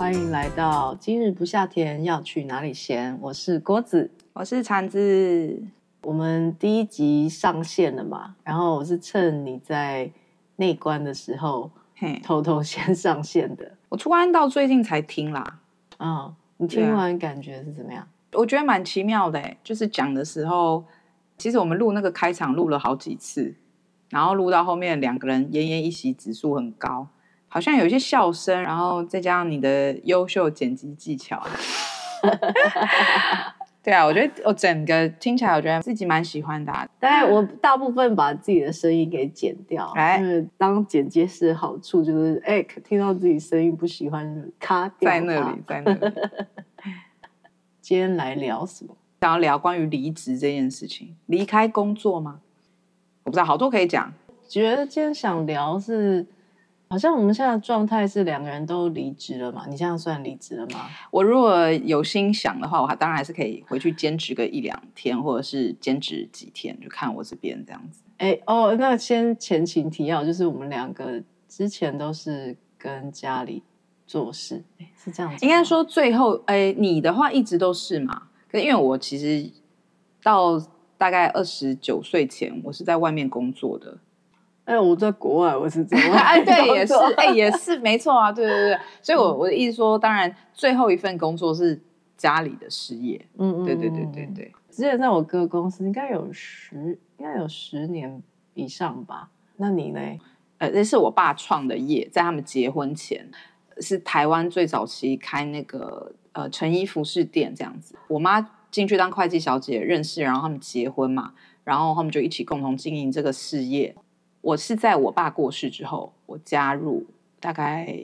歡迎來到今日不夏天要去哪裡閒？我是郭子，我是長子。我們第一集上線了嘛？然後我是趁你在內觀的時候嘿偷偷先上線的。我出關到最近才聽啦。哦，你聽完感覺是怎麼樣、啊？我覺得蠻奇妙的、欸，就是講的時候，其實我們錄那個開場錄了好幾次，然後錄到後面兩個人奄奄一息，指數很高。好像有一些笑聲，然後再加上你的優秀剪輯技巧啊， 對啊，我覺得我整個聽起來，我覺得自己蠻喜歡的啊。但是我大部分把自己的聲音給剪掉。哎，因為當剪接師的好處就是，哎、欸，聽到自己聲音不喜歡，卡掉。在那裡，在那裡。 今天來聊什麼？想要聊關於離職這件事情，離開工作嗎？我不知道，好多可以講。覺得今天想聊是。好像我們現在的狀態是兩個人都離職了嘛？你這樣算離職了嗎？我如果有心想的話，我還當然還是可以回去兼職個一兩天，或者是兼職幾天，就看我這邊這樣子。哎哦，那先前情提要就是我們兩個之前都是跟家裡做事，哎，是這樣子。應該說最後，哎，你的話一直都是嘛。可因為我其實到大概二十九歲前，我是在外面工作的。哎，我在國外，我是這樣。哎、啊，對，也是，哎， 也是，沒錯啊，對對對，所以，我我的意思說、嗯，當然，最後一份工作是家裡的事業，嗯，對對對對對，對。之前在我哥公司，應該有十，應該有十年以上吧？那你呢？呃，那是我爸創的業，在他們結婚前，是台灣最早期開那個呃成衣服飾店這樣子。我媽進去當會計小姐，認識，然後他們結婚嘛，然後他們就一起共同經營這個事業。我是在我爸過世之後，我加入，大概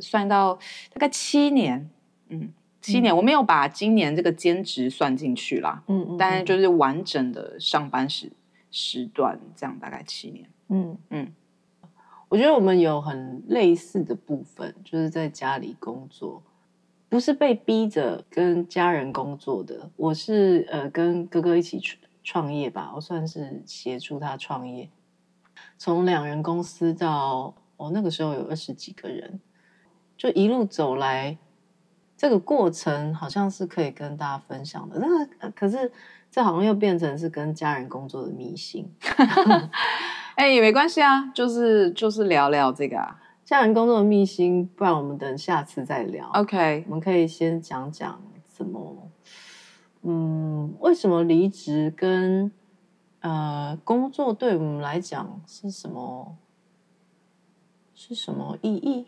算到大概七年，嗯，七年，嗯，我沒有把今年這個兼職算進去啦，嗯，嗯，嗯，但是就是完整的上班時時段，這樣大概七年，嗯嗯，嗯，我覺得我們有很類似的部分，就是在家裡工作，不是被逼着跟家人工作的，我是呃跟哥哥一起創業吧，我算是協助他創業。從兩人公司到哦，那個時候有二十幾個人，就一路走來，這個過程好像是可以跟大家分享的。但是，可是這好像又變成是跟家人工作的秘辛。哎、， 欸，也沒關係啊，就是就是聊聊這個啊，家人工作的秘辛。不然我們等下次再聊。OK，我們可以先講講怎麼，嗯，為什麼離職跟。呃，工作對我們來講是什麼？是什麼意義？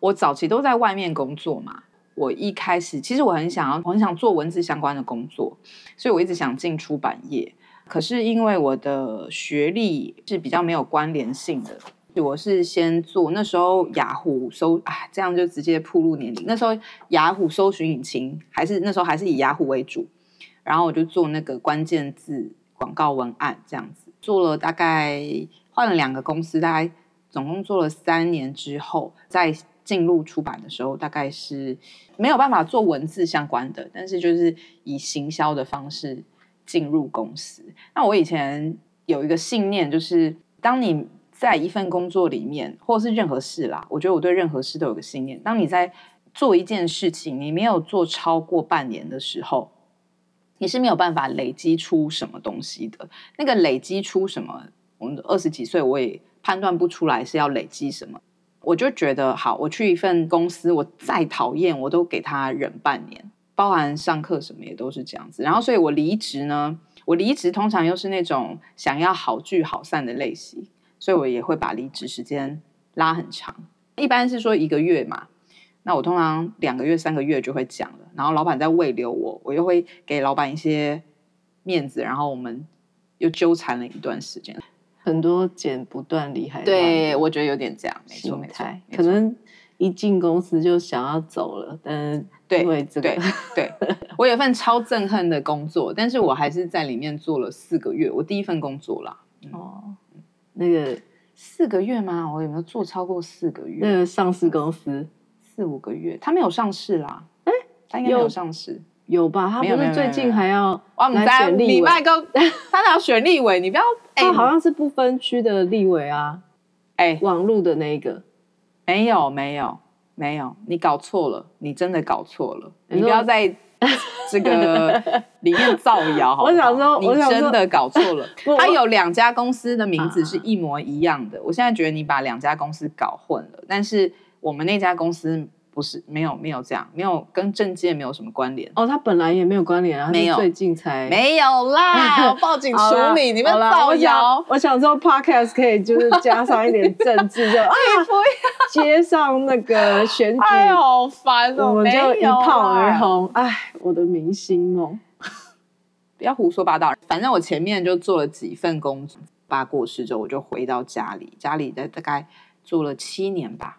我早期都在外面工作嘛。我一開始其實我很想要，我很想做文字相關的工作，所以我一直想進出版業。可是因為我的學歷是比較沒有關聯性的，我是先做那時候雅虎搜啊，這樣就直接暴露年齡。那時候雅虎搜尋引擎還是那時候還是以雅虎為主，然後我就做那個關鍵字。廣告文案這樣子做了大概換了兩個公司，大概總共做了三年之後，在進入出版的時候，大概是沒有辦法做文字相關的，但是就是以行銷的方式進入公司。那我以前有一個信念，就是當你在一份工作裡面，或是任何事啦，我覺得我對任何事都有個信念，當你在做一件事情，你沒有做超過半年的時候。你是沒有辦法累積出什麼東西的。那個累積出什麼，我們二十幾歲我也判斷不出來是要累積什麼。我就覺得好，我去一份公司，我再討厭我都給他忍半年，包含上課什麼也都是這樣子。然後，所以我離職呢，我離職通常又是那種想要好聚好散的類型，所以我也會把離職時間拉很長，一般是說一個月嘛。那我通常兩個月、三個月就會講了，然後老闆在慰留我，我又會給老闆一些面子，然後我們又糾纏了一段時間，很多剪不斷、理還亂。對，我覺得有點這樣，沒錯，心態，沒錯，沒錯，可能一進公司就想要走了。嗯、這個，對對對，對 我有份超憎恨的工作，但是我還是在裡面做了四個月，我第一份工作啦。嗯、哦、嗯，那個四個月嗎？我有沒有做超過四個月？那個上市公司。四五個月，他沒有上市啦，欸、他應該沒有上市有，有吧？他不是最近還要我們在立委， 他要選立委。你不要，欸、他好像是不分區的立委啊，哎、欸，網路的那一個，沒有沒有沒有，你搞錯了，你真的搞錯了，你，你不要在這個裡面造謠好不好，我，我想說，你真的搞錯了，他有兩家公司的名字是一模一樣的，啊，我現在覺得你把兩家公司搞混了，但是。我們那家公司不是沒有沒有這樣，沒有跟政界沒有什麼關聯哦。他本來也沒有關聯啊，沒有最近才沒有啦， 我報警處理 你們造謠。我想說，Podcast 可以就是加上一點政治， 就、啊、不要。接上那個選舉， 哎，好煩哦、喔，我們就一炮而紅，哎、啊，我的明星夢。不要胡說八道。反正我前面就做了幾份工作，爸過世之後我就回到家裡，家裡在大概住了七年吧。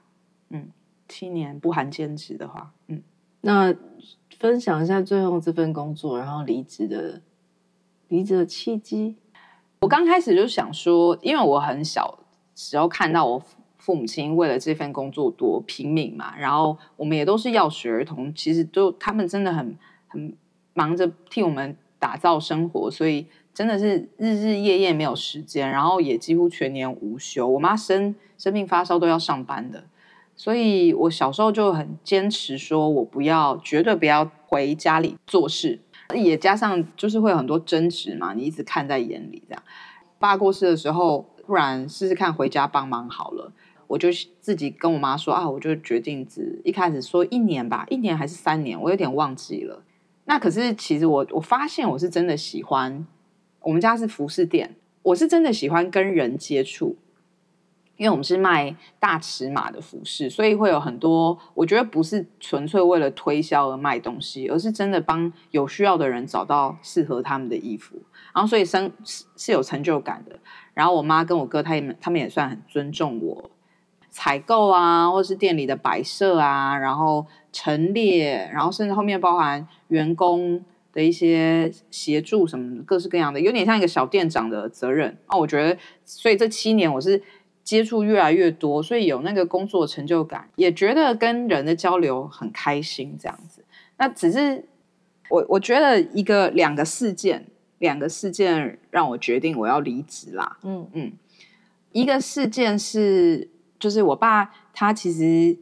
七年不含兼職的話，嗯，那分享一下最後這份工作，然後離職的離職的契機。我剛開始就想說，因為我很小，只要看到我父母親為了這份工作多拼命嘛，然後我們也都是鑰匙兒童，其實都他們真的很很忙着替我們打造生活，所以真的是日日夜夜沒有時間，然後也幾乎全年無休。我媽生生病發燒都要上班的。所以我小時候就很堅持說，我不要，絕對不要回家裡做事。也加上就是會有很多爭執嘛，你一直看在眼裡這樣。爸過世的時候，不然試試看回家幫忙好了。我就自己跟我媽說啊，我就決定只一開始說一年吧，一年還是三年，我有點忘記了。那可是其實我我發現我是真的喜歡，我們家是服飾店，我是真的喜歡跟人接觸。因為我們是賣大尺碼的服飾，所以會有很多。我覺得不是純粹為了推銷而賣東西，而是真的幫有需要的人找到適合他們的衣服。然後，所以生是是有成就感的。然後，我媽跟我哥，他也他們也算很尊重我採購啊，或是店裡的擺設啊，然後陳列，然後甚至後面包含員工的一些協助，什麼各式各樣的，有點像一個小店長的責任啊。我覺得，所以這七年我是。接觸越來越多，所以有那個工作成就感，也覺得跟人的交流很開心這樣子。那只是我我覺得一個兩個事件，兩個事件讓我決定我要離職啦。嗯嗯，一個事件是就是我爸他其實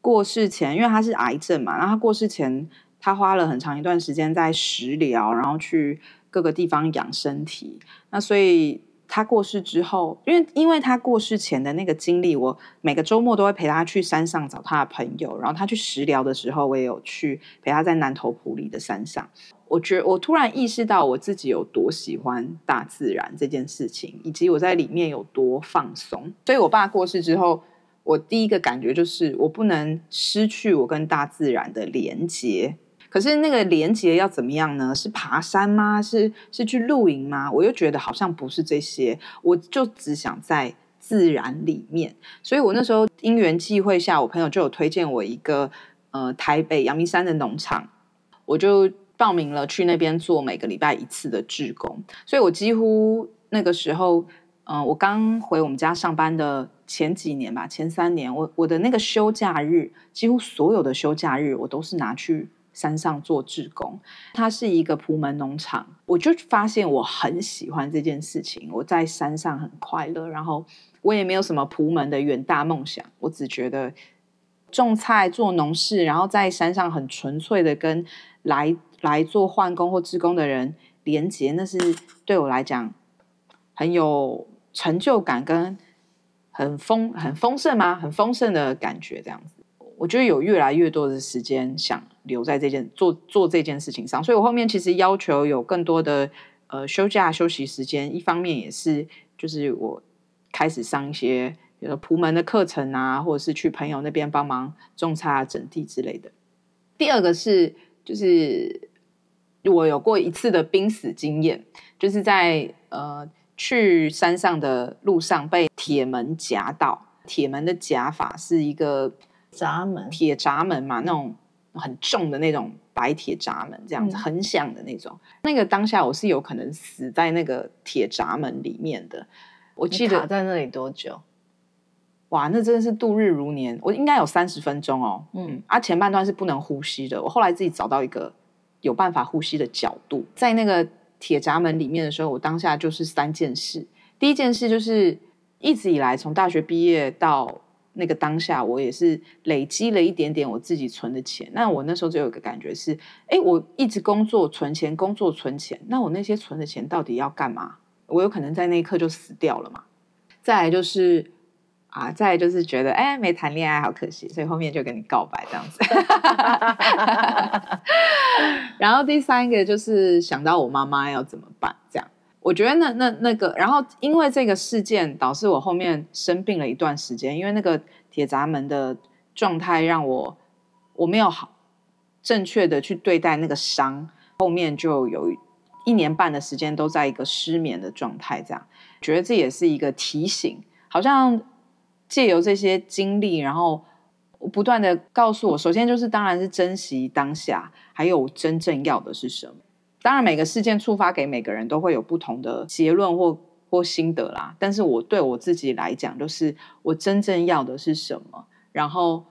過世前，因為他是癌症嘛，然後他過世前他花了很長一段時間在食療，然後去各個地方養身體。那所以。他過世之後，因為因為他過世前的那個經歷，我每個周末都會陪他去山上找他的朋友，然後他去食療的時候，我也有去陪他在南投埔里的山上。我覺我突然意識到我自己有多喜歡大自然這件事情，以及我在裡面有多放鬆。所以，我爸過世之後，我第一個感覺就是我不能失去我跟大自然的連結。可是那個連結要怎麼樣呢？是爬山嗎？是是去露營嗎？我又覺得好像不是這些，我就只想在自然裡面。所以我那時候因緣際會下，我朋友就有推薦我一個呃台北陽明山的農場，我就報名了去那邊做每個禮拜一次的志工。所以我幾乎那個時候，嗯、呃，我剛回我們家上班的前幾年吧，前三年，我我的那個休假日，幾乎所有的休假日，我都是拿去。山上做志工，它是一個樸門農場，我就發現我很喜歡這件事情。我在山上很快樂，然後我也沒有什麼樸門的遠大夢想，我只覺得種菜做農事，然後在山上很純粹的跟來來做換工或志工的人連接，那是對我來講很有成就感跟很豐很豐盛嗎？很豐盛的感覺，這樣子，我覺得有越來越多的時間想。留在這件做做這件事情上，所以我後面其實要求有更多的呃休假休息時間。一方面也是就是我開始上一些比如說普門的課程啊，或者是去朋友那邊幫忙種菜、整地之類的。第二個是就是我有過一次的瀕死經驗，就是在呃去山上的路上被鐵門夾到，鐵門的夾法是一個閘門、鐵閘門嘛，那種。很重的那種白鐵閘門，這樣子、嗯、很響的那種。那個當下，我是有可能死在那個鐵閘門裡面的。我記得，你卡在那裡多久？哇，那真的是度日如年。我應該有三十分鐘哦。嗯，嗯啊，前半段是不能呼吸的。我後來自己找到一個有辦法呼吸的角度，在那個鐵閘門裡面的時候，我當下就是三件事。第一件事就是一直以來，從大學畢業到。那個當下，我也是累積了一點點我自己存的錢。那我那時候就有個感覺是：哎、欸，我一直工作存錢，工作存錢。那我那些存的錢到底要幹嘛？我有可能在那一刻就死掉了嘛？再來就是啊，再來就是覺得哎、欸，沒談戀愛好可惜，所以後面就跟你告白這樣子。 然後第三個就是想到我媽媽要怎麼辦這樣。我覺得那那那個，然後因為這個事件導致我後面生病了一段時間，因為那個鐵閘門的狀態讓我我沒有好正確的去對待那個傷，後面就有一年半的時間都在一個失眠的狀態這樣，覺得這也是一個提醒，好像借由這些經歷，然後不斷的告訴我，首先就是當然是珍惜當下，還有真正要的是什麼。當然，每個事件觸發給每個人都會有不同的結論或或心得啦。但是我對我自己來講，就是我真正要的是什麼？然後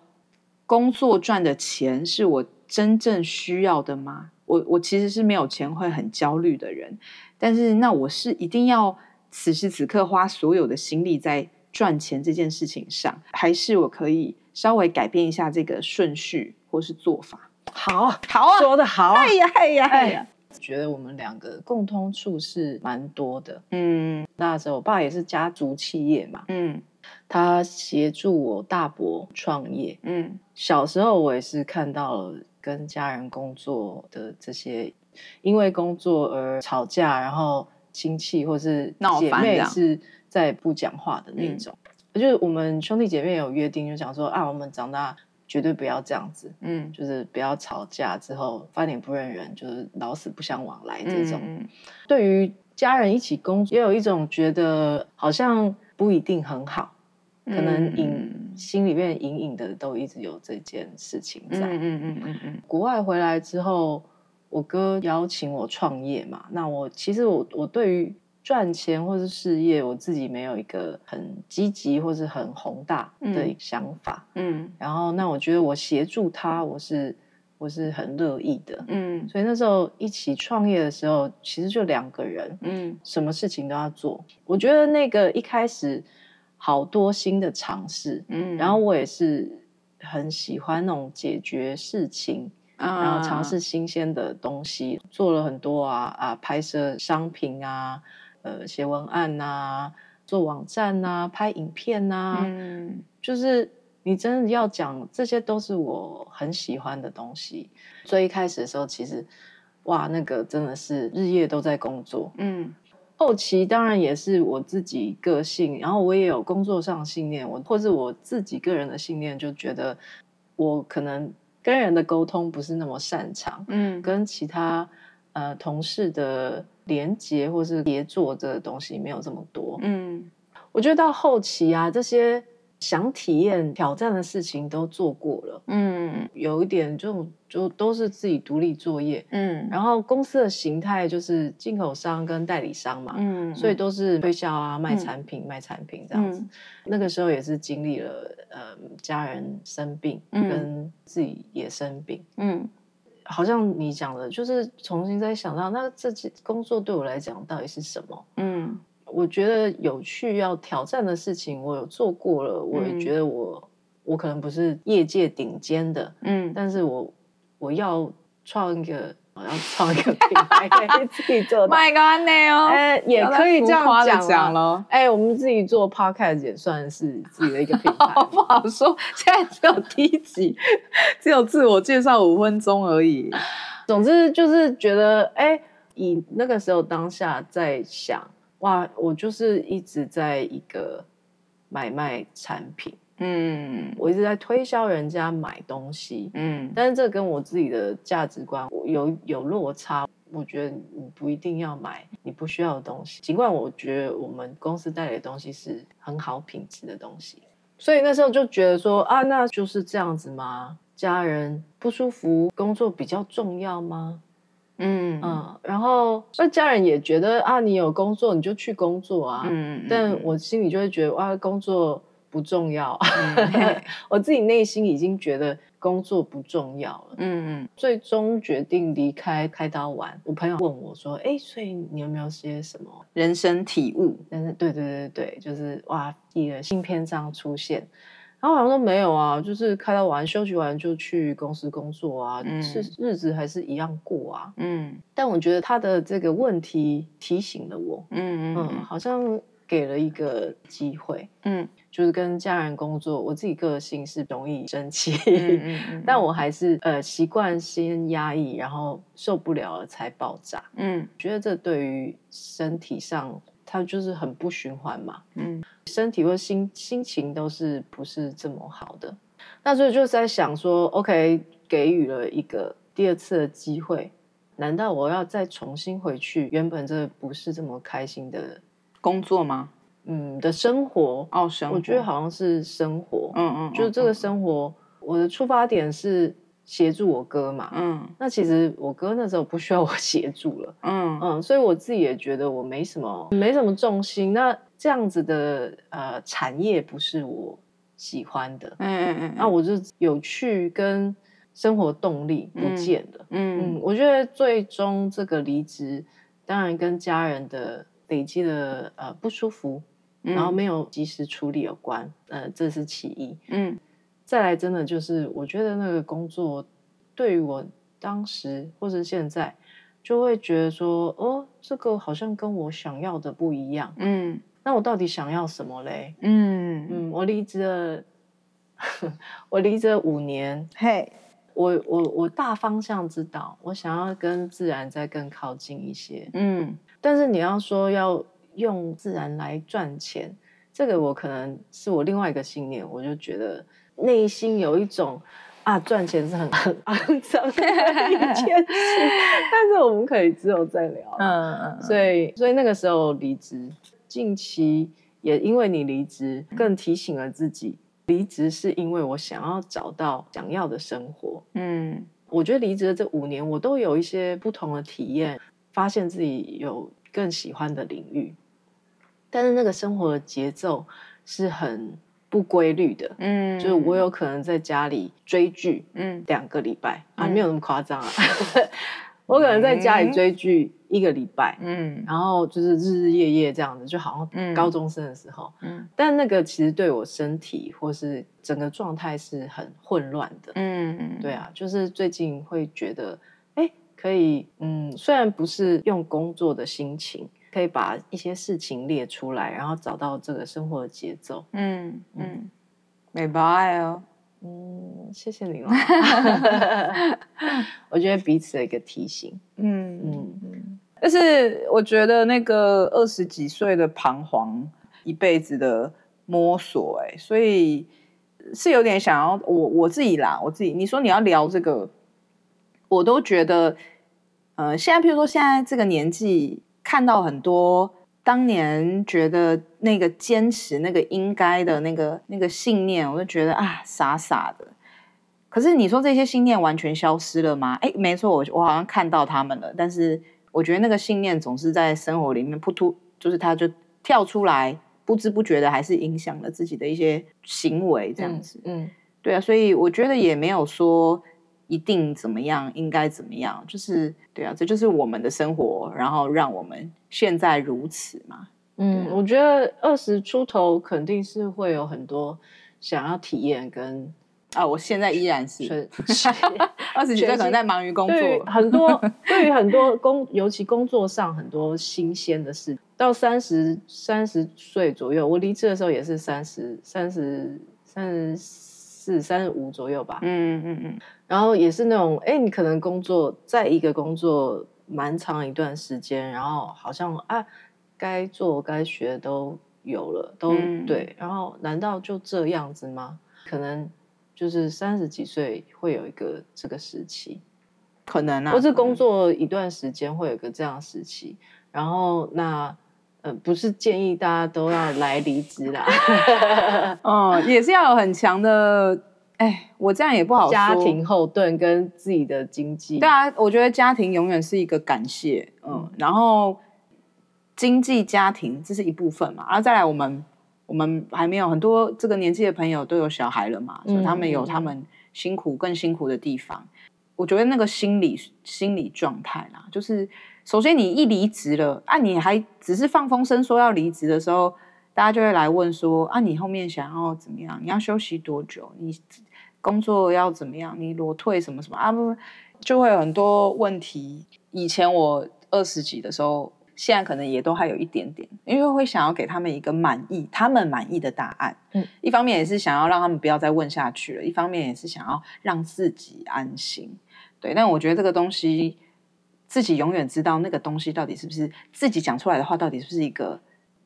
工作賺的錢是我真正需要的嗎？我我其實是沒有錢會很焦慮的人，但是那我是一定要此時此刻花所有的心力在賺錢這件事情上，還是我可以稍微改變一下這個順序或是做法？好啊，好啊，說得好啊，哎呀，哎呀，哎呀。我覺得我們兩個共通處是蠻多的，嗯，那時候我爸也是家族企業嘛，嗯，他協助我大伯創業，嗯，小時候我也是看到了跟家人工作的這些，因為工作而吵架，然後親戚或是姐妹是在不講話的那種，就是我們兄弟姐妹有約定就想，就講說啊，我們長大。絕對不要這樣子，嗯，就是不要吵架之後翻臉不認人，就是老死不相往來這種，嗯。對於家人一起工作，也有一種覺得好像不一定很好，可能隱、嗯、心裡面隱隱的都一直有這件事情在。嗯嗯嗯嗯，嗯。國外回來之後，我哥邀請我創業嘛，那我其實我我對於。賺錢或是事業，我自己沒有一個很積極或是很宏大的想法。嗯，嗯，然後那我覺得我協助他，我是我是很樂意的。嗯，所以那時候一起創業的時候，其實就兩個人。嗯，什麼事情都要做。我覺得那個一開始好多新的嘗試。嗯，然後我也是很喜歡那種解決事情，啊，然後嘗試新鮮的東西，做了很多啊啊，拍攝商品啊。呃，寫文案吶、啊，做網站啊，拍影片啊，嗯、就是你真的要講，這些都是我很喜歡的東西。所以一開始的時候，其實，哇，那個真的是日夜都在工作，嗯。後期當然也是我自己個性，然後我也有工作上信念，我或是我自己個人的信念，就覺得我可能跟人的溝通不是那麼擅長，嗯，跟其他。呃，同事的連接或是協作這東西沒有這麼多。嗯，我覺得到後期啊，這些想體驗挑戰的事情都做過了。嗯，有一點就就都是自己獨立作業。嗯，然後公司的形態就是進口商跟代理商嘛。嗯，所以都是推銷啊，賣產品，嗯，賣產品這樣子。嗯，那個時候也是經歷了，呃，家人生病，嗯，跟自己也生病。嗯。好像你講的，就是重新再想到，那自己工作對我來講到底是什麼？嗯，我覺得有趣、要挑戰的事情，我有做過了，嗯。我也覺得我，我可能不是業界頂尖的，嗯，但是我我要創一個。我要創一個品牌，自己做的 my goodness 哦，呃 God ,、欸， 也可以這樣講了。哎、 欸，我們自己做 podcast 也算是自己的一個品牌， 好不好說？現在只有第一集，只有自我介紹五分鐘而已。 總之就是覺得，哎、欸，以那個時候當下在想，哇，我就是一直在一個買賣產品。嗯，我一直在推銷人家買東西，嗯，但是這跟我自己的價值觀有有落差。我覺得你不一定要買你不需要的東西，儘管我覺得我們公司帶來的東西是很好品質的東西。所以那時候就覺得說啊，那就是這樣子嗎？家人不舒服，工作比較重要嗎？嗯嗯，然後那家人也覺得啊，你有工作你就去工作啊，嗯，但我心裡就會覺得哇，工作。不重要、啊嗯， 我自己內心已經覺得工作不重要了嗯。嗯，最終決定離開，開刀完，我朋友問我說：“哎，所以你有沒有些什麼人生體悟？”但是對對對對，就是哇，一個新篇章出現。然後好像都沒有啊，就是開刀完休息完就去公司工作啊、嗯，是日子還是一樣過啊。嗯，但我覺得他的這個問題提醒了我。嗯嗯，嗯，好像。給了一個機會，嗯，就是跟家人工作。我自己個性是容易生氣，嗯嗯嗯，但我還是呃習慣先壓抑，然後受不了了才爆炸。嗯，覺得這對於身體上，它就是很不循環嘛。嗯，身體或心心情都是不是這麼好的。那所以就是在想說，OK，給予了一個第二次的機會，難道我要再重新回去？原本這不是這麼開心的。工作嗎？嗯，的生活哦，oh, 生活我覺得好像是生活，嗯嗯，嗯，嗯，就是這個生活，嗯，我的出發點是協助我哥嘛，嗯，那其實我哥那時候不需要我協助了，嗯嗯，所以我自己也覺得我沒什麼沒什麼重心，那這樣子的呃產業不是我喜歡的，嗯嗯嗯，那我就有趣跟生活動力不見的嗯嗯，嗯，我覺得最終這個離職，當然跟家人的。累積的呃不舒服，嗯，然後沒有及時處理有關，呃，這是其一。嗯，再來，真的就是我覺得那個工作對於我當時或者現在，就會覺得說，哦，這個好像跟我想要的不一樣。嗯，那我到底想要什麼嘞？嗯嗯，我離職了，我離職了五年。嘿、hey.。我我我大方向知道，我想要跟自然再更靠近一些，嗯。但是你要說要用自然來賺錢，這個我可能是我另外一個信念，我就覺得內心有一種啊賺錢是很、啊、賺錢是很骯髒的一件事。 但是我們可以之後再聊。嗯嗯。所以所以那個時候離職，近期也因為你離職，更提醒了自己。嗯離職是因為我想要找到想要的生活。嗯，我覺得離職的這五年，我都有一些不同的體驗，發現自己有更喜歡的領域。但是那個生活的節奏是很不規律的。嗯，就是我有可能在家裡追劇，嗯，兩個禮拜啊，沒有那麼誇張啊。嗯 我可能在家裡追劇一個禮拜，嗯，然後就是日日夜夜這樣子，就好像高中生的時候，嗯，嗯，但那個其實對我身體或是整個狀態是很混亂的，嗯，嗯，對啊，就是最近會覺得，哎、欸，可以，嗯，雖然不是用工作的心情，可以把一些事情列出來，然後找到這個生活的節奏，嗯嗯，嗯，美白哦。嗯，謝謝你啦。 我覺得彼此的一個提醒。嗯嗯,嗯，但是我覺得那個二十幾歲的彷徨，一輩子的摸索、欸，所以是有點想要我我自己啦，我自己。你說你要聊這個，我都覺得，嗯、呃，現在譬如說現在這個年紀，看到很多。當年覺得那個堅持，那個應該的那個那個信念，我就覺得啊，傻傻的。可是你說這些信念完全消失了嗎？哎，沒錯，我我好像看到他們了。但是我覺得那個信念總是在生活裡面噗噗，就是它就跳出來，不知不覺的還是影響了自己的一些行為這樣子。嗯，嗯對啊，所以我覺得也沒有說。一定怎麼樣？應該怎麼樣？就是對啊，這就是我們的生活，然後讓我們現在如此嘛。嗯，我覺得二十出頭肯定是會有很多想要體驗跟啊，我現在依然是二十幾歲， 可能在忙於工作。對，很多對於很多工， 尤其工作上很多新鮮的事。到三十三十歲左右，我離職的時候也是三十，三十，三十。是三十五左右吧，嗯嗯嗯，然後也是那種，哎、欸，你可能工作在一個工作蠻長一段時間，然後好像啊，該做該學都有了，都、嗯、對，然後難道就這樣子嗎？可能就是三十幾歲會有一個這個時期，可能啊，不是工作一段時間會有一個這樣時期、嗯，然後那。呃、不是建議大家都要來離職啦。 哦、 嗯，也是要有很強的。哎，我這樣也不好說。家庭後盾跟自己的經濟，大家、啊、我覺得家庭永遠是一個感謝。嗯，嗯然後經濟家庭這是一部分嘛，然、啊、後再來我們我們還沒有很多這個年紀的朋友都有小孩了嘛、嗯，所以他們有他們辛苦更辛苦的地方。嗯、我覺得那個心理心理狀態啦，就是。首先，你一離職了，啊，你還只是放風聲說要離職的時候，大家就會來問說，啊，你後面想要怎麼樣？你要休息多久？你工作要怎麼樣？你裸退什麼什麼啊？不，就會有很多問題。以前我二十幾的時候，現在可能也都還有一點點，因為我會想要給他們一個滿意、他們滿意的答案。嗯，一方面也是想要讓他們不要再問下去了，一方面也是想要讓自己安心。對，但我覺得這個東西。自己永遠知道那個東西到底是不是自己講出來的話，到底是不是一個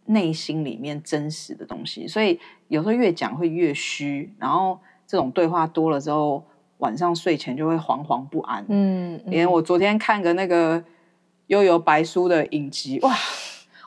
內心裡面真實的東西。所以有時候越講會越虛，然後這種對話多了之後，晚上睡前就會惶惶不安。嗯，連、嗯、我昨天看個那個《幽遊白書》的影集，哇，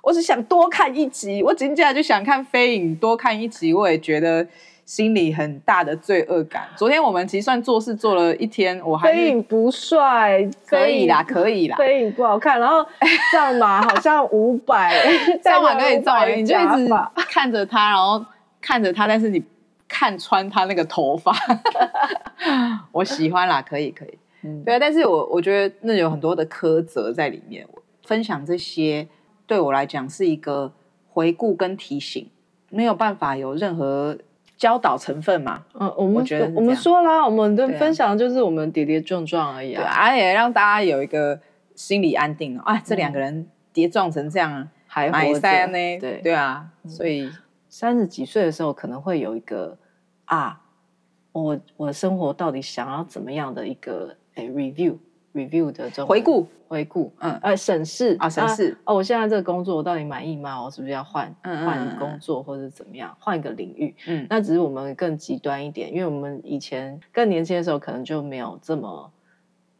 我只想多看一集，我緊接著就想看《飛影》多看一集，我也覺得。心裡很大的罪惡感。昨天我們其實算做事做了一天，我還背影不帥，可以啦，可以啦，背影不好看。然後照嘛，好像五百，照完可以照你這假髮，看着他，然後看着他，但是你看穿他那個頭髮， 我喜歡啦，可以可以，嗯，對啊，但是我我覺得那有很多的苛責在裡面。分享這些對我來講是一個回顧跟提醒，沒有辦法有任何。教導成分嘛，嗯，我們我，覺得我們說啦，我們的分享的就是我們跌跌撞撞而已啊，對，哎，讓大家有一個心理安定哦、哎，這兩個人跌撞成這樣、嗯、還活著對，對啊，所以、嗯、三十幾歲的時候可能會有一個啊，我我生活到底想要怎麼樣的一個、哎、review。review 的這種回顧，回顧，嗯，呃，審視啊，審視。哦，我現在這個工作，我到底滿意嗎？我是不是要換嗯嗯嗯嗯換工作，或者怎麼樣，換一個領域？嗯，那只是我們更極端一點，因為我們以前更年輕的時候，可能就沒有這麼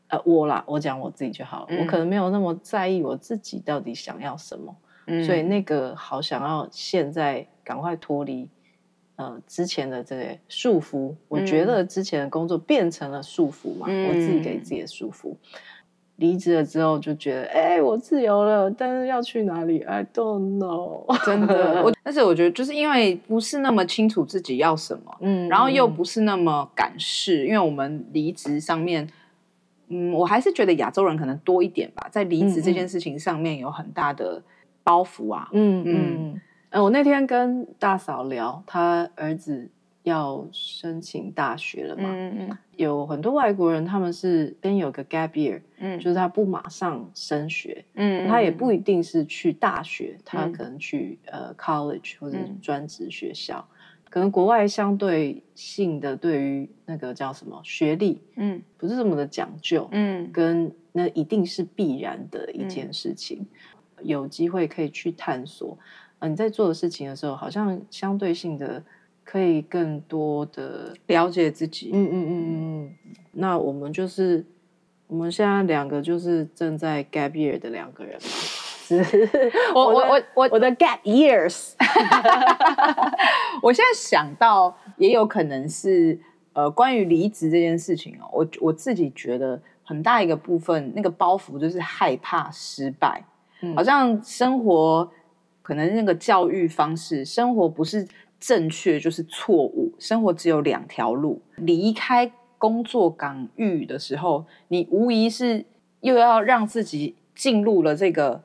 呃，我啦，我講我自己就好了、嗯，我可能沒有那麼在意我自己到底想要什麼，嗯、所以那個好想要，現在趕快脫離。呃、之前的這個束縛、嗯，我覺得之前的工作變成了束縛嘛、嗯，我自己給自己的束縛。離、嗯、職了之後，就覺得哎、欸，我自由了，但是要去哪裡？I don't know。真的， 我但是我覺得就是因為不是那麼清楚自己要什麼，嗯，然後又不是那麼敢試、嗯、因為我們離職上面，嗯，我還是覺得亞洲人可能多一點吧，在離職這件事情上面有很大的包袱啊，嗯嗯。嗯嗯哎、呃，我那天跟大嫂聊，他兒子要申請大學了嘛。嗯嗯，有很多外國人，他們是邊有個 gap year，嗯，就是他不馬上升學。嗯，嗯，他也不一定是去大學，他可能去、嗯、呃 college 或者專職學校、嗯，可能國外相對性的對於那個叫什麼學歷，嗯，不是這麼的講究，嗯，跟那一定是必然的一件事情，嗯、有機會可以去探索。啊、你在做的事情的時候，好像相對性的可以更多的了解自己。嗯嗯嗯嗯。那我們就是我們現在兩個就是正在 gap year 的兩個人嘛 我。我我我我我的 gap years。 我現在想到也有可能是呃，關於離職這件事情哦，我我自己覺得很大一個部分，那個包袱就是害怕失敗，嗯、好像生活。可能那個教育方式，生活不是正確就是錯誤，生活只有兩條路。離開工作崗位的時候，你無疑是又要讓自己進入了這個，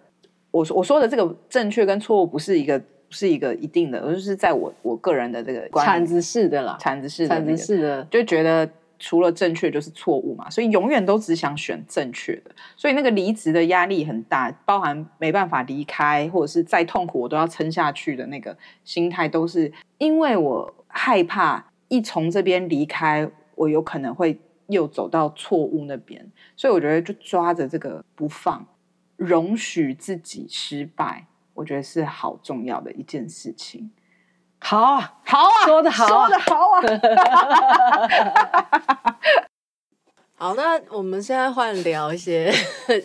我我說的這個正確跟錯誤不是一個，不是一個一定的，而是在我我個人的這個鏟子式的了，鏟子式的、這個，鏟子式的，就覺得。除了正確就是錯誤嘛，所以永遠都只想選正確的，所以那個離職的壓力很大，包含沒辦法離開，或者是再痛苦我都要撐下去的那個心態，都是因為我害怕一從這邊離開，我有可能會又走到錯誤那邊，所以我覺得就抓着這個不放，容許自己失敗，我覺得是好重要的一件事情。好啊，好啊，說得好，說得好啊。好，啊 好，那我們現在換聊一些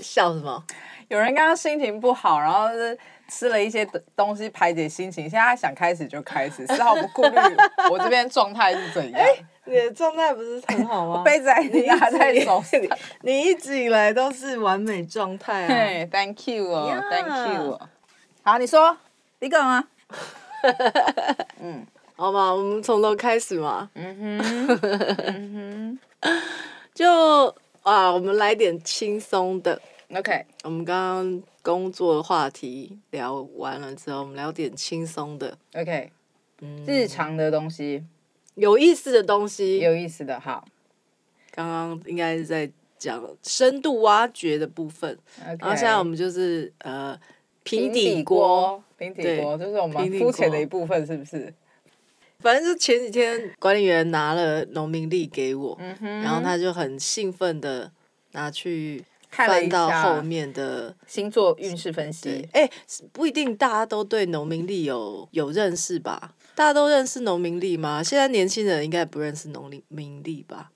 笑什麼？有人剛剛心情不好，然後是吃了一些東西排解心情，現在他想開始就開始，絲毫不顧慮我，我這邊狀態是怎樣。 欸、你的狀態不是很好嗎？杯 仔，你一直在裡笑，你你一直以來都是完美狀態、啊。Hey, thank you 哦、oh，Thank you 哦、yeah。好，你說，你總啊。嗯， 好嘛，我們從頭開始嘛。嗯 哼。嗯就啊，我們來點輕鬆的。OK。我們剛剛工作話題聊完了之後，我們聊點輕鬆的。OK。日常的東西、嗯。有意思的東西。有意思的，好。剛剛應該是在講深度挖掘的部分。Okay. 然後現在我們就是呃平底鍋。平底就是我們膚淺的一部分，是不是？反正就前幾天管理員拿了農民曆給我、嗯，然後他就很興奮的拿去翻到後面的星座運勢分析。哎、欸，不一定大家都對農民曆有有認識吧？大家都認識農民曆嗎？現在年輕人應該不認識農民曆吧？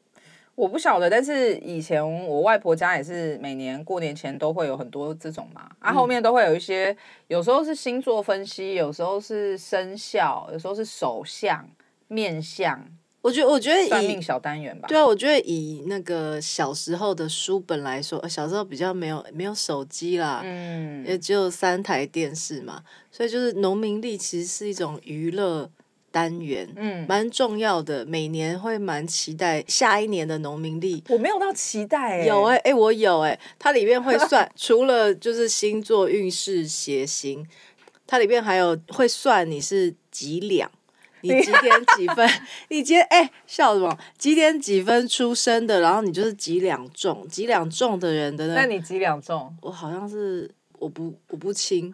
我不曉得，但是以前我外婆家也是每年過年前都會有很多這種嘛、嗯，啊後面都會有一些，有時候是星座分析，有時候是生肖，有時候是手相、面相。我覺得，我覺得算命小單元吧。對啊，我覺得以那個小時候的書本來說，小時候比較沒有沒有手機啦，嗯，也只有三台電視嘛，所以就是農民曆其實是一種娛樂。單元嗯，蠻重要的，每年會蠻期待下一年的農民曆。我沒有到期待。欸，有哎、欸、哎、欸，我有哎、欸，它裡面會算， 除了就是星座運勢、血型，它裡面還有會算你是幾兩，你幾點幾分， 你今天哎、欸、笑什麼？幾點幾分出生的，然後你就是幾兩重，幾兩重的人的。那你幾兩重？我好像是。我不我不輕，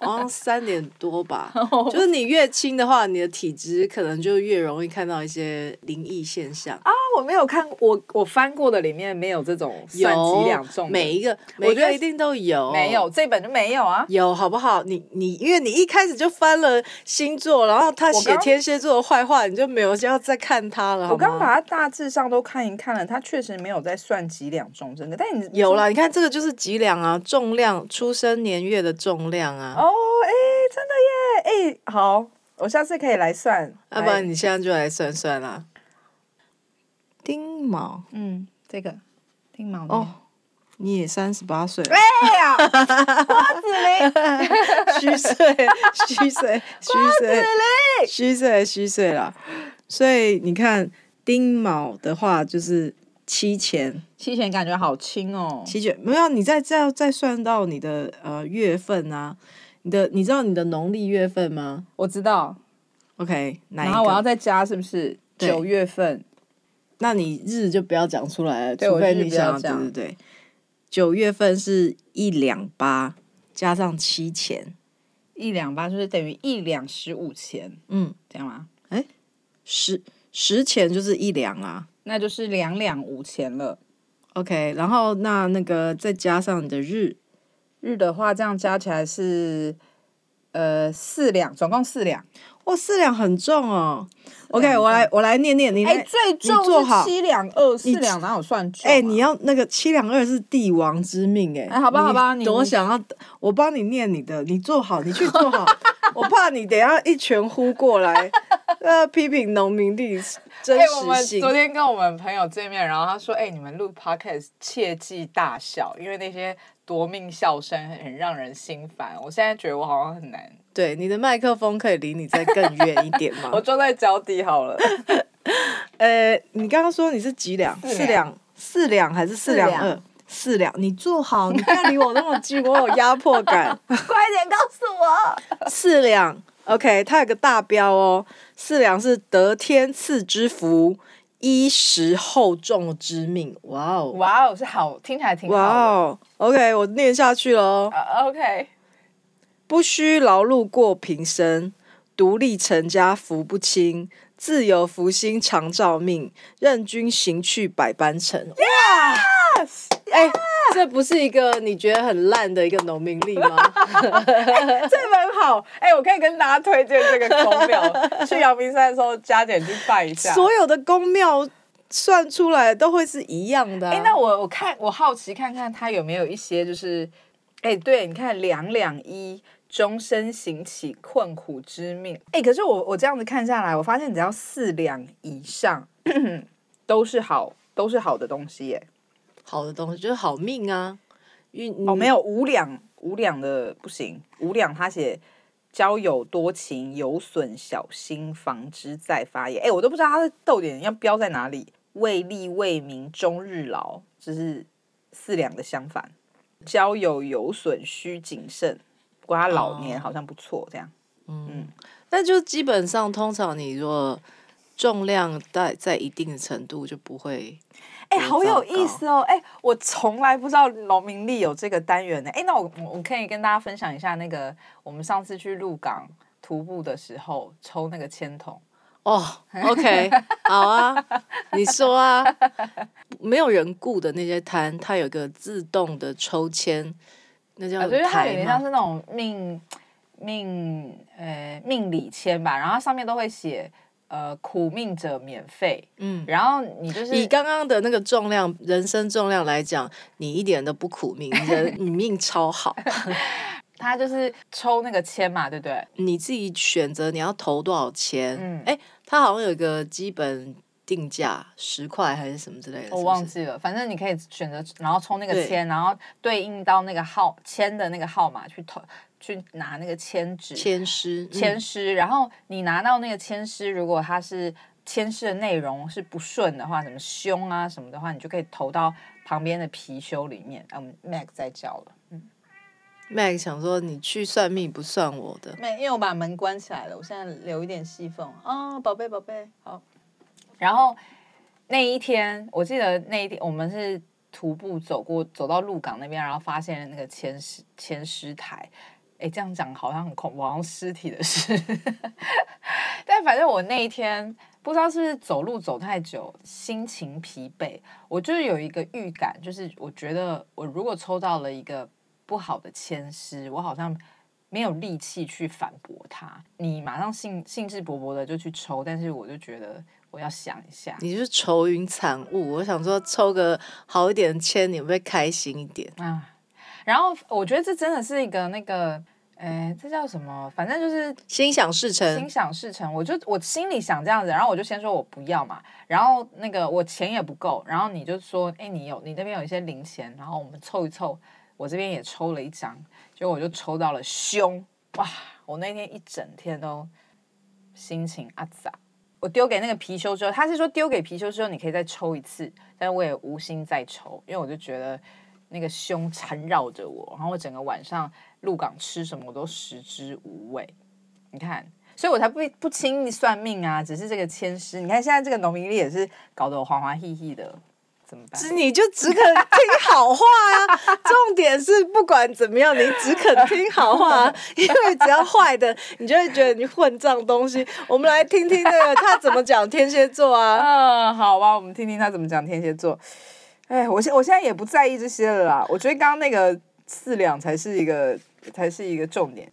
好像三點多吧。Oh. 就是你越輕的話，你的體質可能就越容易看到一些靈異現象啊。Oh, 我沒有看我我翻過的裡面沒有這種算幾兩重每，每一個我覺得一定都有。沒有這本就沒有啊。有好不好？你你因為你一開始就翻了星座，然後他寫天蠍座的壞話，你就沒有就要再看他了。我剛剛把它大致上都看一看了，他確實沒有在算幾兩重真的。但你有了，你看這個就是幾兩啊，重量。出生年月的重量啊！哦，哎，真的耶！哎，好，我下次可以來算，要不然你現在就來算算啦。丁卯，嗯，這個丁卯，哦，你也三十八歲了，哎呀，花子林 虛，虛，虛歲，虛歲，郭子林虛歲，虛歲了。所以你看丁卯的話，就是。七錢，七錢感覺好輕哦。七錢沒有，你再再再算到你的呃月份啊，你的你知道你的農曆月份嗎？我知道。OK，然後我要再加，是不是？九月份。那你日就不要講出來了，對除非你我你不要講。對，對，對，九月份是一兩八，加上七錢，一兩八就是等於一兩十五錢。嗯，這樣嗎？哎、欸，十十錢就是一兩啊。那就是兩兩五錢了，OK，然後那那個再加上你的日日的話，這樣加起來是。呃，四兩，總共四兩，哇、哦，四兩很重哦，很重。OK，我來，我來念念你。哎、欸，最重是七兩二四兩，哪有算哎、啊欸，你要那個七兩二是帝王之命、欸，哎、欸，好吧，你好吧，等我想要，我幫你念你的，你坐好，你去坐好， 我怕你等一下一拳呼過來， 呃、批評農民曆的真實性、欸、我昨天跟我們朋友見面，然後他說：“哎、欸，你們錄 Podcast 切忌大笑，因為那些。”奪命笑聲很讓人心煩，我現在覺得我好像很難。對，你的麥克風可以離你再更遠一點嗎？ 我裝在腳底好了。呃、 欸，你剛剛說你是幾兩？四兩？四兩還是四兩二？四兩，你坐好，你不要離我那麼近， 我有壓迫感。快 點告訴我，四兩。OK，它有個大標哦，四兩是得天賜之福。衣食厚重之命，哇哦，哇哦，是好，聽起來挺好的。哇哦、wow.，OK，我念下去嘍。Uh, OK，不需勞碌過平生，獨立成家福不輕，自有福星常照命，任君行去百般成。Yes! 哎、欸啊，這不是一個你覺得很爛的一個農民曆嗎？ 欸、這很好，哎、欸，我可以跟大家推薦這個公廟， 去陽明山的時候加點去拜一下。所有的公廟算出來都會是一樣的、啊。哎、欸，那我我看我好奇看看它有沒有一些就是，哎、欸，對，你看兩兩一終身行乞困苦之命。哎、欸，可是我我這樣子看下來，我發現只要四兩以上 都是好，都是好的東西、欸，耶。好的東西就是好命啊，運哦沒有五兩五兩的不行，五兩他寫交友多情有損小心防之再發言，哎、欸、我都不知道他的逗點要標在哪裡，為利為民終日老，這是四兩的相反，交友有損需謹慎，不過他老年好像不錯，這樣、哦、嗯,嗯，那就基本上通常你如果重量在在一定的程度就不會。哎、欸，好有意思哦、喔！哎、欸，我從來不知道農民曆有這個單元的、欸。哎、欸，那我我可以跟大家分享一下那個我們上次去鹿港徒步的時候抽那個籤筒哦。Oh, OK， 好啊，你說啊，沒有人雇的那些攤，它有個自動的抽籤，那叫我、啊就是、覺就它有點像是那種命命呃命理籤吧，然後上面都會寫。呃，苦命者免費，嗯，然後你就是以剛剛的那個重量，人生重量來講，你一點都不苦命，你 你命超好。 他就是抽那個籤嘛，對不對？你自己選擇你要投多少錢，嗯，哎，他好像有一個基本。定價十塊還是什麼之類的，我忘記了。反正你可以選擇，然後抽那個籤，然後對應到那個號籤的那個號碼去投，去拿那個籤紙。籤詩，籤、嗯、詩。然後你拿到那個籤詩，如果它是籤詩的內容是不順的話，什麼凶啊什麼的話，你就可以投到旁邊的貔貅裡面。嗯，Max 在叫了，嗯，Max 想說你去算命不算我的，沒，因為我把門關起來了。我現在留一點細縫。啊、哦，寶貝，寶貝，好。然後那一天，我記得那一天我們是徒步走過，走到鹿港那邊，然後發現那個籤詩籤詩台。誒，這樣講好像很恐怖，好像屍體的屍。 但反正我那一天不知道是不是走路走太久，心情疲憊，我就有一個預感，就是我覺得我如果抽到了一個不好的籤詩，我好像沒有力氣去反駁它。你馬上興興致勃勃的就去抽，但是我就覺得。我要想一下，你就是愁雲慘霧。我想說抽個好一點的籤，你會不會開心一點？啊，然後我覺得這真的是一個那個，哎，這叫什麼？反正就是心想事成。心想事成，我就我心裡想這樣子，然後我就先說我不要嘛。然後那個我錢也不夠，然後你就說，哎，你有你那邊有一些零錢，然後我們湊一湊。我這邊也抽了一張，結果我就抽到了凶，哇！我那天一整天都心情阿雜。我丟給那個貔貅之後，他是說，丟給貔貅之後你可以再抽一次，但是我也無心再抽，因為我就覺得那個凶纏繞着我，然後我整個晚上鹿港吃什麼我都食之無味。你看，所以我才不不輕易算命啊，只是這個籤詩，你看現在這個農民曆也是搞得我滑滑稽稽的。只你就只肯聽好話啊， 重點是不管怎麼樣，你只肯聽好話啊，因為只要壞的，你就會覺得你混賬東西。我們來聽聽那個 他怎麼講天蠍座啊。嗯，好吧，我們聽聽他怎麼講天蠍座。哎，我現我現在也不在意這些了啦，我覺得剛剛那個四兩才是一個才是一個重點。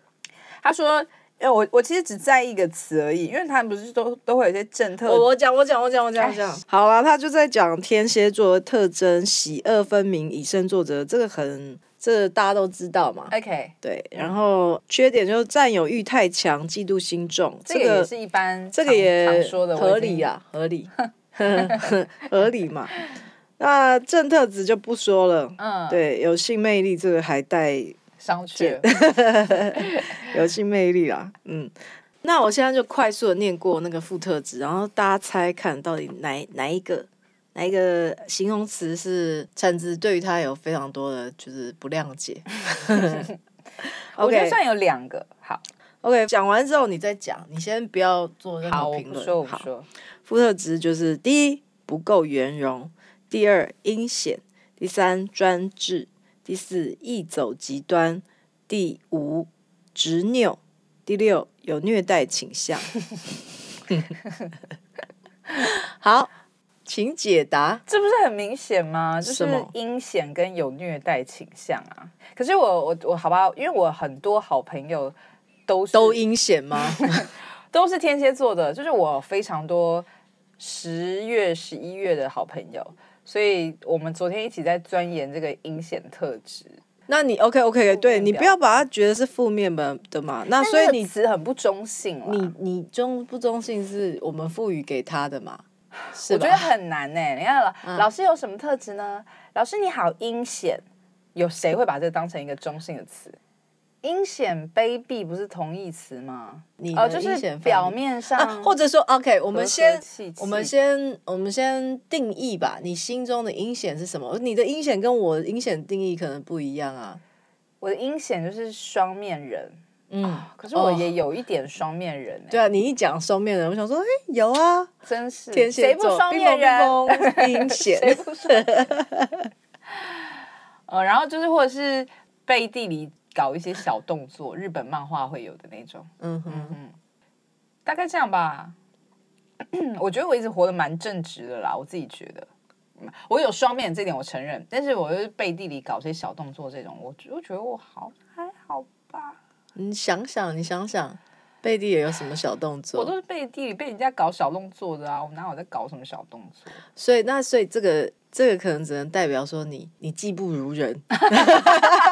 他說。哎，欸，我我其實只在意一個詞而已，因為他們不是都都會有些正特質，我講我講我講我講我講好了，啊，他就在講天蠍座的特徵：喜惡分明，以身作則。這個很，這個、大家都知道嘛。OK。對，然後缺點就是佔有慾太強，嫉妒心重。這個、這個、也是一般。這個也。合理啊，合理。合理， 合理嘛？那正特質就不說了。嗯。對，有性魅力，這個還帶商榷。 有性魅力啊！ 嗯，那我現在就快速的唸過那個副特質，然後大家猜看到底哪哪一個哪一個形容詞是參知對於他有非常多的就是不諒解。 okay, 我覺得算有兩個，好，OK，講完之後你再講，你先不要做任何評論。好，我說，我說副特質就是第一不夠圓融，第二陰險，第三專制。第四易走極端，第五執拗，第六有虐待傾向。 好，請解答。這不是很明顯嗎？就是，是陰險跟有虐待傾向啊。可是我我我好吧，因為我很多好朋友都都陰險嗎？ 都是天蠍座的，就是我非常多十月十一月的好朋友。所以，我們昨天一起在鑽研這個陰險特質。那你 OK OK，面面對，你不要把它覺得是負面的嘛。那所以你，你詞很不中性。你你中不中性是我們賦予給他的嘛？是。我覺得很難哎、欸。你看老、嗯，老師有什麼特質呢？老師你好陰險，有誰會把這個當成一個中性的詞？陰險卑鄙不是同義詞嗎？你的陰險、啊就是、表面上、啊，或者說氣氣，OK，我們先，我們先，我們先定義吧。你心中的陰險是什麼？你的陰險跟我陰險定義可能不一樣啊。我的陰險就是雙面人。嗯、啊，可是我也有一點雙面人、欸哦。對啊，你一講雙面人，我想說，哎、欸，有啊，真是天蠍座雙面人，陰險。呃、 嗯，然後就是或者是背地裡。搞一些小動作，日本漫畫會有的那種。嗯哼嗯哼，嗯哼，大概這樣吧。 我覺得我一直活得蠻正直的啦，我自己覺得。我有雙面這點我承認，但是我又是背地裡搞一些小動作這種，我我覺得我好還好吧。你想想，你想想，背地也有什麼小動作？我都是背地裡被人家搞小動作的啊，我哪有在搞什麼小動作？所以那所以這個這個可能只能代表說你你技不如人。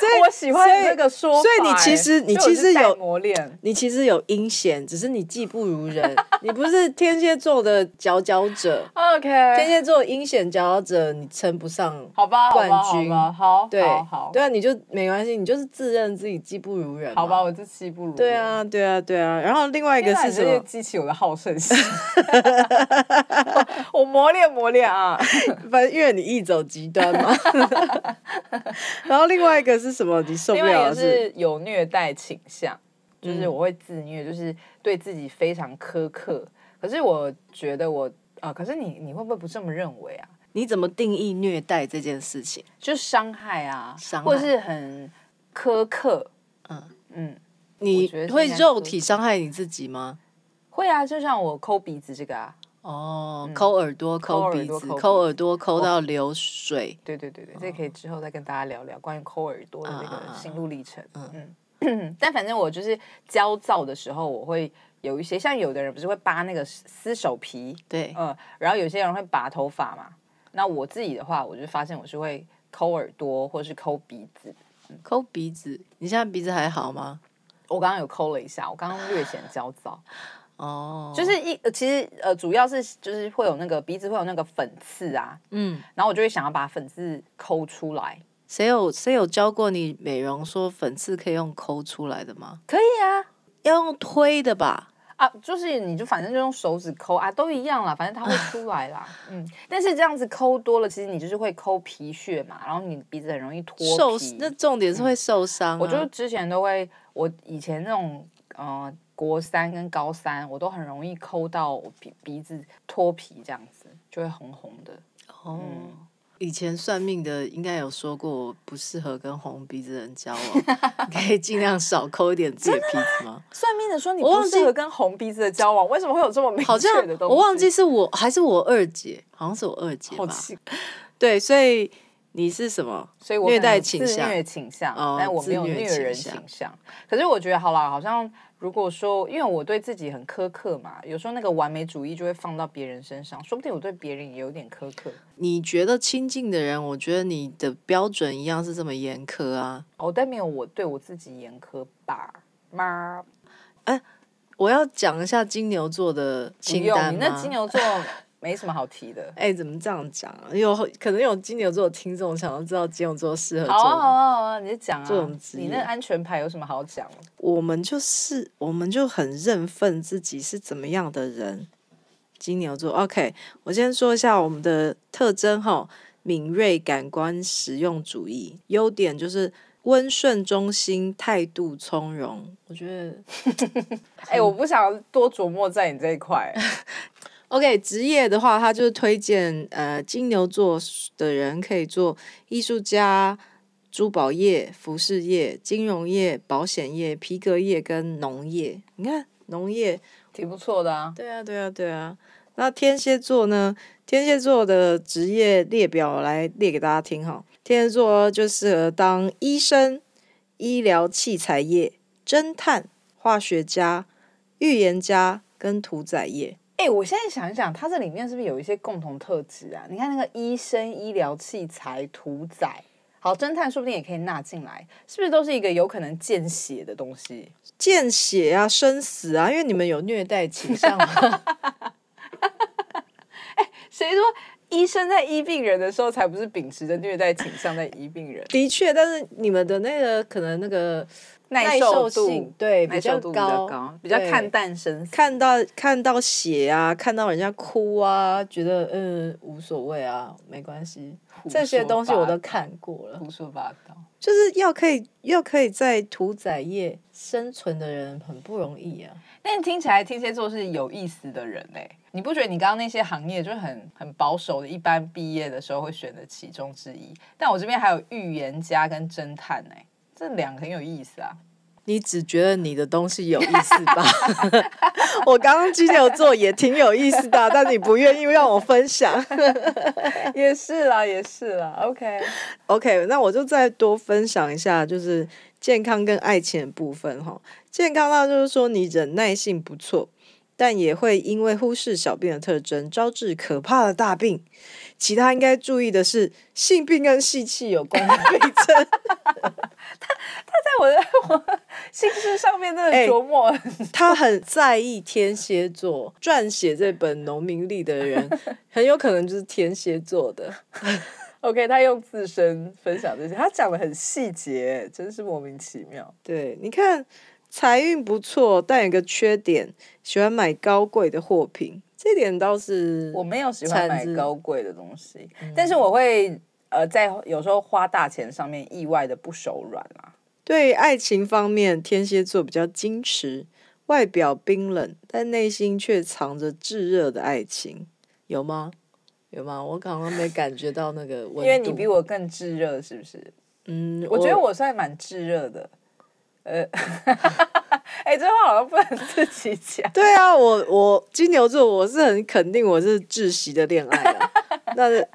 所以我喜歡這個說法，欸所。所以你其實你其實有磨練，你其實有陰險，只是你技不如人。 你不是天蠍座的佼佼者。OK， 天蠍座陰險佼佼者，你稱不上冠軍。好吧。冠軍。好。對。好好好對啊，你就沒關係，你就是自認自己技不如人。好吧，我技不如人。對啊，對啊，對啊。然後另外一個是什麼，激起我的好勝心。 我磨練磨練啊，反正因為你一走極端嘛。 然後另外一個是。什麼？你受不了？因為我也是有虐待傾向，就是我會自虐、嗯，就是對自己非常苛刻。可是我覺得我……啊、呃，可是你你會不會不這麼認為啊？你怎麼定義虐待這件事情？就傷害啊，傷害或是很苛刻？嗯嗯，你會肉體傷害你自己嗎？會啊，就像我摳鼻子這個啊。哦，摳耳朵、摳、嗯、鼻子、摳耳朵摳到流水。對對對對，哦，這可以之後再跟大家聊聊關於摳耳朵的那個心路歷程。嗯嗯， 但反正我就是焦躁的時候，我會有一些，像有的人不是會扒那個撕手皮。對，嗯，然後有些人會拔頭髮嘛。那我自己的話，我就發現我是會摳耳朵，或是摳鼻子。摳、嗯、鼻子，你現在鼻子還好嗎？我剛剛有摳了一下，我剛剛略顯焦躁。 哦、oh，就是一，其實呃，主要是就是會有那個鼻子會有那個粉刺啊，嗯，然後我就會想要把粉刺摳出來。誰有誰有教過你美容說粉刺可以用摳出來的嗎？可以啊，要用推的吧？啊，就是你就反正就用手指摳啊，都一樣啦，反正它會出來啦， 嗯。但是這樣子摳多了，其實你就是會摳皮屑嘛，然後你鼻子很容易脫皮。受，那重點是會受傷、啊嗯。我就之前都會，我以前那種嗯。呃國三跟高三，我都很容易摳到我鼻鼻子脫皮，這樣子就會紅紅的。哦、嗯，以前算命的應該有說過，我不適合跟紅鼻子的人交往， 可以盡量少摳一點自己的鼻子嗎？算命的說你不適合跟紅鼻子的交往，為什麼會有這麼明確的東西？我忘記是我還是我二姐，好像是我二姐吧。對，所以。你是什麼？向所以我很自虐傾向、哦，但我沒有虐人傾向，向。可是我覺得，好了，好像如果說，因為我對自己很苛刻嘛,有時候那個完美主義就會放到別人身上，說不定我對別人也有點苛刻。你覺得親近的人，我覺得你的標準一樣是這麼嚴苛啊？哦，但沒有我對我自己嚴苛吧？媽！哎、欸，我要講一下金牛座的那金牛座。 沒什麼好提的。哎、欸，怎麼這樣講、啊？有可能有金牛座的聽眾想要知道金牛座適合做……好啊好啊好，你講啊。你，啊這種你那安全牌有什麼好講？我們就是，我們就很認份自己是怎麼樣的人。金牛座，OK，我先說一下我們的特徵哈：敏銳、感官、實用主義。優點就是溫順、忠心、態度從容。我覺得，哎、 欸嗯，我不想多琢磨在你這一塊。 OK 職業的話，他就是推薦呃金牛座的人可以做藝術家、珠寶業、服飾業、金融業、保險業、皮革業跟農業。你看農業挺不錯的啊。對啊，對啊，對啊。那天蠍座呢？天蠍座的職業列表來列給大家聽齁。天蠍座就適合當醫生、醫療器材業、偵探、化學家、預言家跟屠宰業。哎、欸，我現在想一想，它這裡面是不是有一些共同特質啊？你看那個醫生、醫療器材、屠宰，好，偵探說不定也可以納進來，是不是都是一個有可能見血的東西？見血啊，生死啊，因為你們有虐待傾向嗎？哎、 欸，誰說醫生在醫病人的時候，才不是秉持着虐待傾向在醫病人。的確，但是你們的那個可能那個。耐受性耐受度對，比較高，比較高，比較看淡生死。看到看到血啊，看到人家哭啊，覺得嗯無所謂啊，沒關係。這些東西我都看過了。胡說八道。就是要可以要可以在屠宰業生存的人很不容易啊。但、嗯、聽起來天蠍座是有意思的人嘞、欸，你不覺得？你剛剛那些行業就很很保守的，一般畢業的時候會選擇其中之一。但我這邊還有預言家跟偵探嘞、欸。這兩個很有意思啊！你只覺得你的東西有意思吧？ 我剛剛金牛座也挺有意思的啊，但你不願意讓我分享。 也是啦，也是啦。OK，OK，okay okay, 那我就再多分享一下，就是健康跟愛情的部分哈。健康呢，就是說你忍耐性不錯。但也會因為忽視小病的特徵，招致可怕的大病。其他應該注意的是，性病跟細氣有關的病徵。 他他在我的我心思上面真的很琢磨。欸、 他很在意天蠍座撰寫這本《農民曆》的人，很有可能就是天蠍座的。 OK，他用自身分享這些，他講得很細節，真是莫名其妙。對，你看。財運不錯，但有一個缺點，喜歡買高貴的貨品，這點倒是我沒有喜歡買高貴的東西，嗯，但是我會呃，在有時候花大錢上面意外的不手軟啊。對愛情方面，天蠍座比較矜持，外表冰冷，但內心卻藏着炙熱的愛情，有嗎？有嗎？我剛剛沒感覺到那個問題。因為你比我更炙熱，是不是？嗯，我，我覺得我算蠻炙熱的。呃，哎，這話好像不能自己講。 對啊，我我金牛座，我是很肯定我是窒息的戀愛了。但 是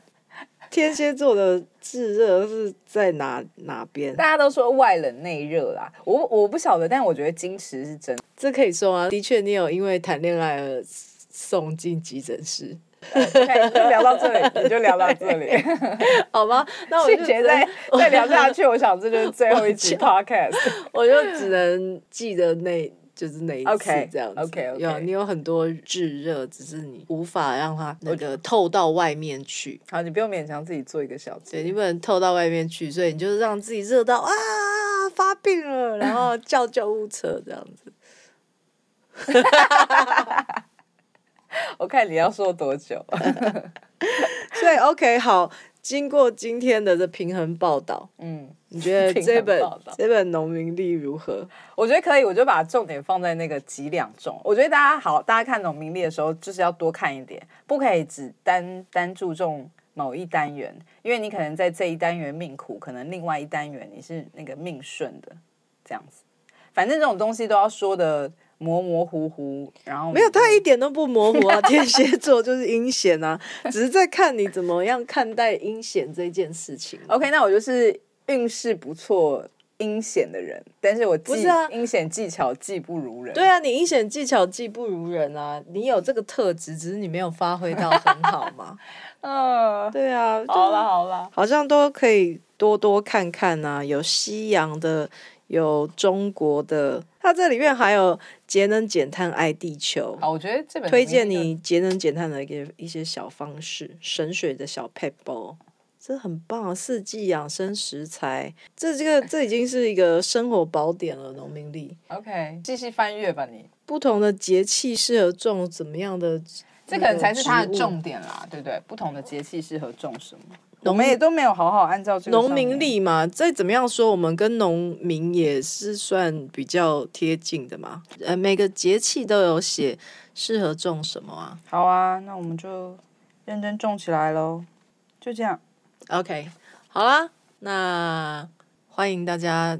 天蠍座的炙熱是在哪哪邊？大家都說外冷內熱啦，我我不曉得，但我覺得矜持是真的。 這可以說啊，的確你有因為談戀愛而送進急診室。 okay, 就聊到這裡， 你就聊到這裡，okay, okay. 好嗎？那我們再再聊下去，我，我想，我想這就是最後一集 podcast。我就只能記得那，就是那一次這樣子。o、okay, k、okay, okay. 有你有很多炙熱，只是你無法讓它那個透到外面去。好，你不用勉強自己做一個小節。對，你不能透到外面去，所以你就是讓自己熱到啊發病了，然後叫救護車這樣子。 我看你要說多久， 所以 OK 好。經過今天的這平衡報道，嗯，你覺得這本這本農民曆如何？我覺得可以，我就把重點放在那個幾兩重。我覺得大家好，大家看農民曆的時候，就是要多看一點，不可以只單單注重某一單元，因為你可能在這一單元命苦，可能另外一單元你是那個命順的，這樣子。反正這種東西都要說的。模模糊糊，然後沒有，他一點都不模糊啊！ 天蠍座就是陰險啊，只是在看你怎麼樣看待陰險這件事情。OK，那我就是運勢不錯、陰險的人，但是我記得、啊、陰險技巧技不如人。對啊，你陰險技巧技不如人啊，你有這個特質，只是你沒有發揮到很好嘛。嗯、 uh,，對啊，好啦好啦，好像都可以多多看看啊，有夕陽的。有中國的，它這裡面還有節能減碳愛地球啊。我覺得這本推薦你節能減碳的一個一些小方式，省水的小撇步，這很棒啊，四季養生食材，這這個這已經是一個生活寶典了，農民曆 OK，繼續翻閱吧，你不同的節氣適合種怎麼樣的？這可能才是它的重點啦，對不對？不同的節氣適合種什麼？我們也都沒有好好按照這個農民曆嘛，再怎麼樣說，我們跟農民也是算比較貼近的嘛。呃，每個節氣都有寫適合種什麼啊。好啊，那我們就認真種起來咯，就這樣。OK，好啦，那歡迎大家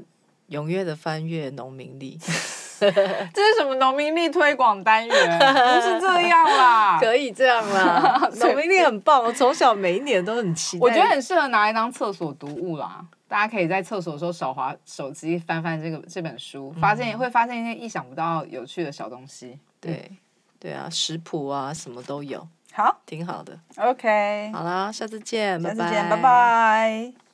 踊躍的翻閱農民曆 這是什麼農民曆推廣單元？不 是這樣啦， 可以這樣啦。農 民曆很棒，我從小每一年都很期待。 我覺得很適合拿來當廁所讀物啦，大家可以在廁所的時候少滑手機，翻翻這個這本書，發現、嗯、會發現一些意想不到有趣的小東西。對，嗯、對啊，食譜啊什麼都有，好，挺好的。OK，好啦，下次見，拜拜，拜拜。下次見 bye bye